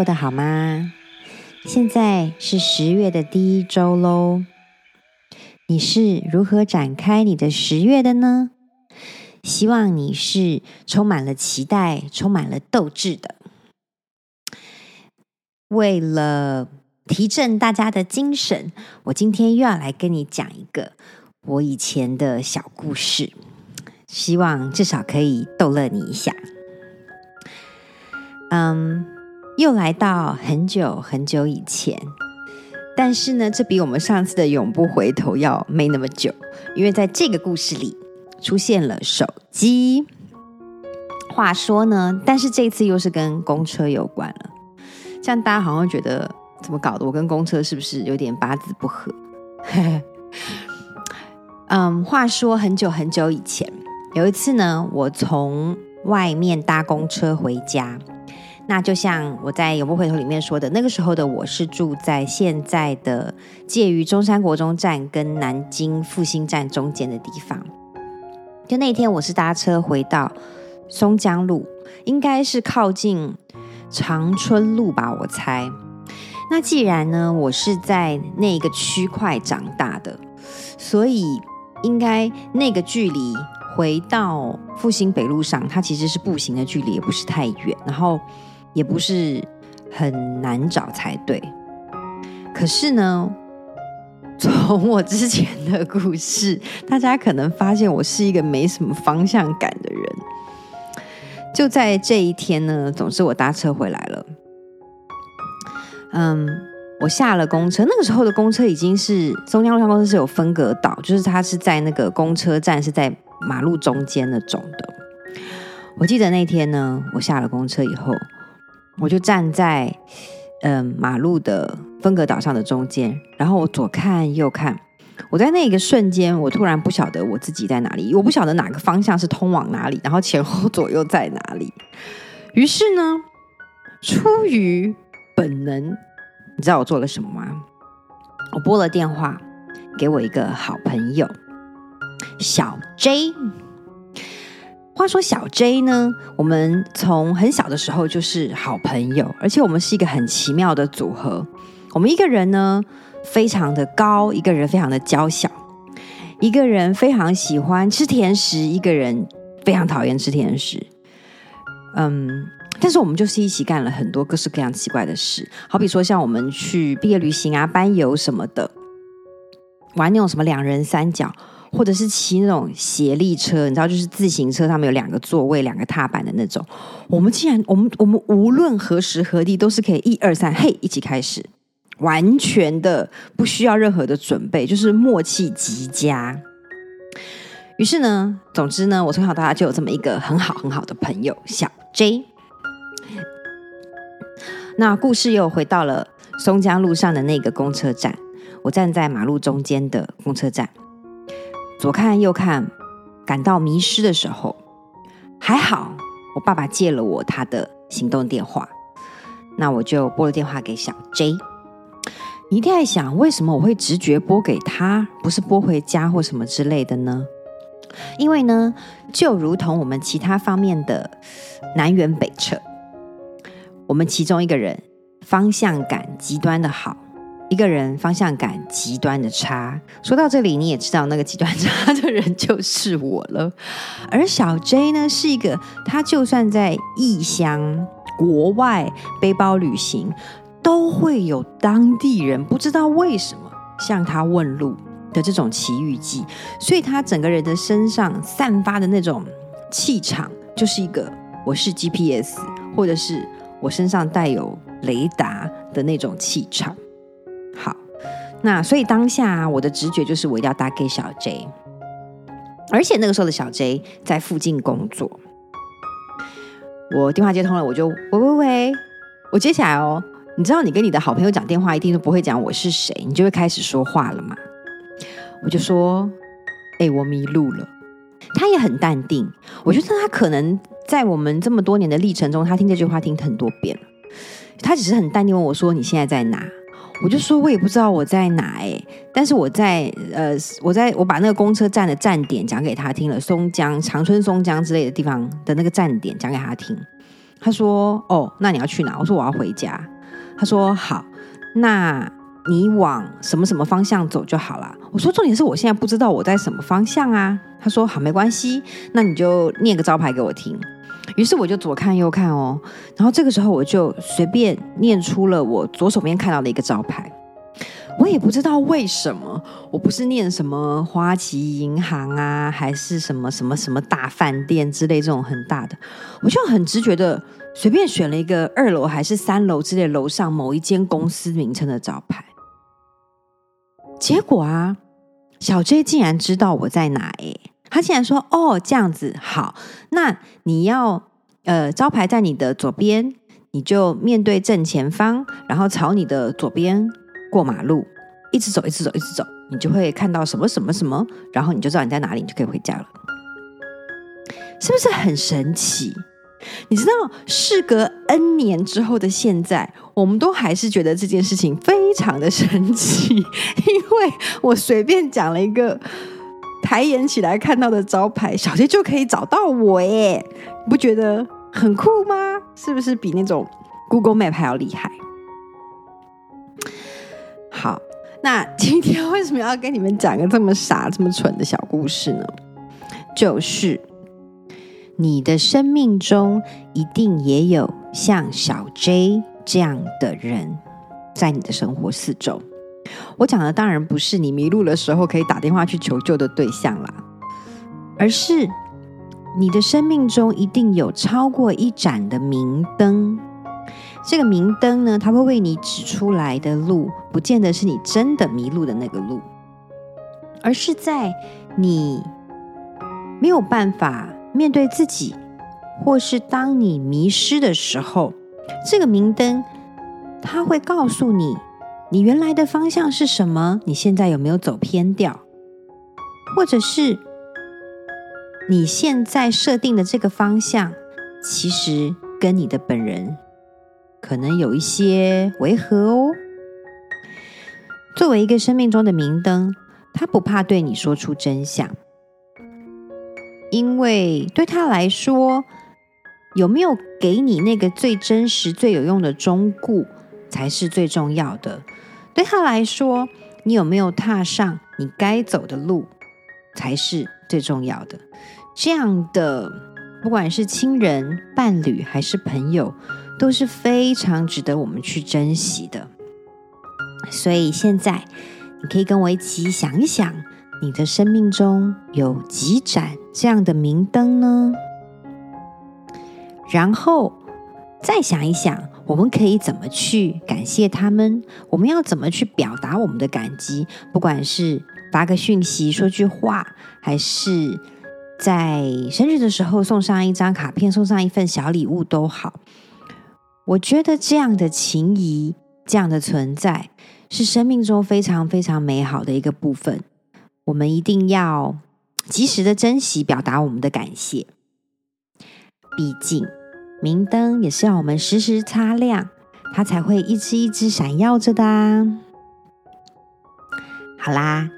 過得好嗎？現在是十月的第一週嘍。你是如何展開你的十月的呢？希望你是充滿了期待，充滿了鬥志的。為了提振大家的精神，我今天又要來跟你講一個我以前的小故事，希望至少可以逗樂你一下。嗯。又來到很久很久以前，但是呢，這比我們上次的永不回頭要沒那麼久，因為在這個故事裡出現了手機。話說呢，但是這次又是跟公車有關了，這樣大家好像覺得怎麼搞的？我跟公車是不是有點八字不合？ 嗯，話說很久很久以前，有一次呢，我從外面搭公車回家。那就像我在《永不回頭》裡面說的，那個時候的我是住在現在的介於中山國中站跟南京復興站中間的地方。就那天我是搭車回到松江路，應該是靠近長春路吧，我猜。那既然呢，我是在那個區塊長大的，所以應該那個距離回到復興北路上，它其實是步行的距離，也不是太遠。然後。也不是很難找才對。可是呢，從我之前的故事，大家可能發現我是一個沒什麼方向感的人。就在這一天呢，總之我搭車回來了。嗯，我下了公車，那個時候的公車已經是中央路上公司是有分隔島，就是它是在那個公車站是在馬路中間那種的。我記得那天呢，我下了公車以後。我就站在，嗯、呃，馬路的分隔島上的中間，然後我左看右看，我在那個瞬間，我突然不曉得我自己在哪裡，我不曉得哪個方向是通往哪裡，然後前後左右在哪裡。於是呢，出於本能，你知道我做了什麼嗎？我撥了電話，給我一個好朋友小 J。話說小 J 呢，我們從很小的時候就是好朋友，而且我們是一個很奇妙的組合。我們一個人呢非常的高，一個人非常的嬌小，一個人非常喜歡吃甜食，一個人非常討厭吃甜食。嗯，但是我們就是一起幹了很多各式各樣奇怪的事，好比說像我們去畢業旅行啊、班遊什麼的，玩那種什麼兩人三腳。或者是騎那種協力車，你知道，就是自行車上面有兩個座位，兩個踏板的那種。我們竟然，我們我們無論何時何地都是可以一二三，嘿，一起開始，完全的不需要任何的準備，就是默契極佳。於是呢，總之呢，我從小到大就有這麼一個很好很好的朋友小 J。那故事又回到了松江路上的那個公車站，我站在馬路中間的公車站。左看右看，感到迷失的時候，還好我爸爸借了我他的行動電話，那我就撥了電話給小 J。你一定在想，為什麼我會直覺撥給他，不是撥回家或什麼之類的呢？因為呢，就如同我們其他方面的南轅北轍，我們其中一個人方向感極端的好。一個人方向感極端的差。說到這裡，你也知道那個極端差的人就是我了。而小 J 呢，是一個他就算在異鄉、國外背包旅行，都會有當地人不知道為什麼向他問路的這種奇遇記。所以他整個人的身上散發的那種氣場，就是一個我是 GPS，或者是我身上帶有雷達的那種氣場。那所以當下我的直覺就是我一定要打給小 J，而且那個時候的小 J 在附近工作。我電話接通了，我就喂喂喂，我接起來哦。你知道你跟你的好朋友講電話，一定都不會講我是誰，你就會開始說話了嘛。我就說，欸，我迷路了。他也很淡定，我覺得他可能在我們這麼多年的歷程中，他聽這句話聽很多遍了。他只是很淡定問我說，你現在在哪？我就說，我也不知道我在哪哎、欸，但是我在呃，我在，我把那個公車站的站點講給他聽了，松江、長春松江之類的地方的那個站點講給他聽。他說：“哦，那你要去哪？”我說：“我要回家。”他說：“好，那你往什麼什麼方向走就好了。”我說：“重點是我現在不知道我在什麼方向啊。”他說：“好，沒關係，那你就念個招牌給我聽。”於是我就左看右看哦，然後這個時候我就隨便念出了我左手邊看到的一個招牌，我也不知道為什麼，我不是念什麼花旗銀行啊，還是什麼什麼什麼大飯店之類這種很大的，我就很直覺的隨便選了一個二樓還是三樓之類的樓上某一間公司名稱的招牌，結果啊，小 J 竟然知道我在哪誒。他竟然說：“哦，這樣子好，那你要呃招牌在你的左邊，你就面對正前方，然後朝你的左邊過馬路，一直走，一直走，一直走，一直走，你就會看到什麼什麼什麼，然後你就知道你在哪裡，你就可以回家了，是不是很神奇？你知道，事隔 N 年之後的現在，我們都還是覺得這件事情非常的神奇，因為我隨便講了一個。”抬眼起來看到的招牌，小 J 就可以找到我耶，你不覺得很酷嗎？是不是比那種 Google Map 還要厲害？好，那今天為什麼要跟你們講個這麼傻、這麼蠢的小故事呢？就是你的生命中一定也有像小 J 這樣的人，在你的生活四周。我講的當然不是你迷路的時候可以打電話去求救的對象啦，而是你的生命中一定有超過一盞的明燈。這個明燈呢，它會為你指出來的路，不見得是你真的迷路的那個路，而是在你沒有辦法面對自己，或是當你迷失的時候，這個明燈它會告訴你。你原來的方向是什麼？你現在有沒有走偏掉？或者是你現在設定的這個方向，其實跟你的本人可能有一些違和哦。作為一個生命中的明燈，他不怕對你說出真相，因為對他來說，有沒有給你那個最真實、最有用的忠告，才是最重要的。對他來說，你有沒有踏上你該走的路，才是最重要的。這樣的，不管是親人、伴侶還是朋友，都是非常值得我們去珍惜的。所以現在，你可以跟我一起想一想，你的生命中有幾盞這樣的明燈呢？然後再想一想。我們可以怎麼去感謝他們？我們要怎麼去表達我們的感激？不管是發個訊息、說句話，還是在生日的時候送上一張卡片、送上一份小禮物都好。我覺得這樣的情誼、這樣的存在，是生命中非常非常美好的一個部分。我們一定要及時地珍惜、表達我們的感謝。畢竟。明燈也是要我們時時擦亮，它才會一支一支閃耀着的啊。好啦，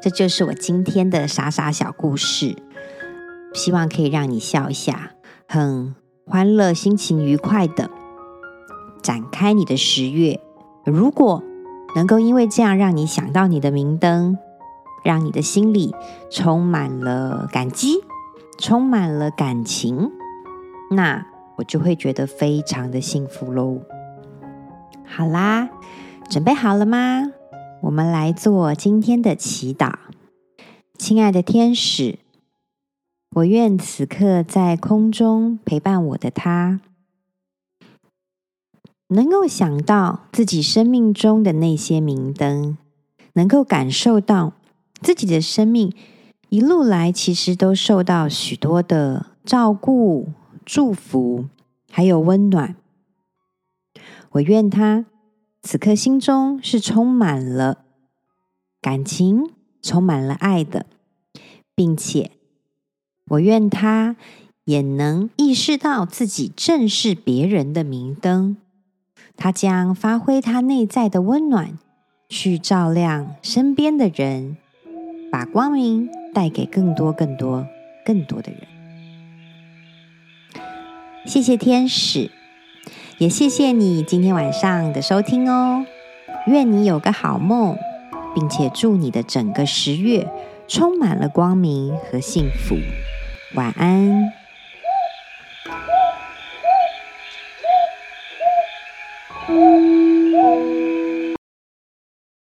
這就是我今天的傻傻小故事，希望可以讓你笑一下，很歡樂、心情愉快的展開你的十月。如果能夠因為這樣讓你想到你的明燈，讓你的心裡充滿了感激，充滿了感情，那……我就會覺得非常的幸福嘍。好啦，準備好了嗎？我們來做今天的祈禱。親愛的天使，我願此刻在空中陪伴我的他，能夠想到自己生命中的那些明燈，能夠感受到自己的生命一路來其實都受到許多的照顧。祝福，還有溫暖。我願他此刻心中是充滿了感情，充滿了愛的，並且我願他也能意識到自己正是別人的明燈。他將發揮他內在的溫暖，去照亮身邊的人，把光明帶給更多、更多、更多的人。謝謝天使，也謝謝你今天晚上的收聽哦。願你有個好夢，並且祝你的整個十月充滿了光明和幸福。晚安。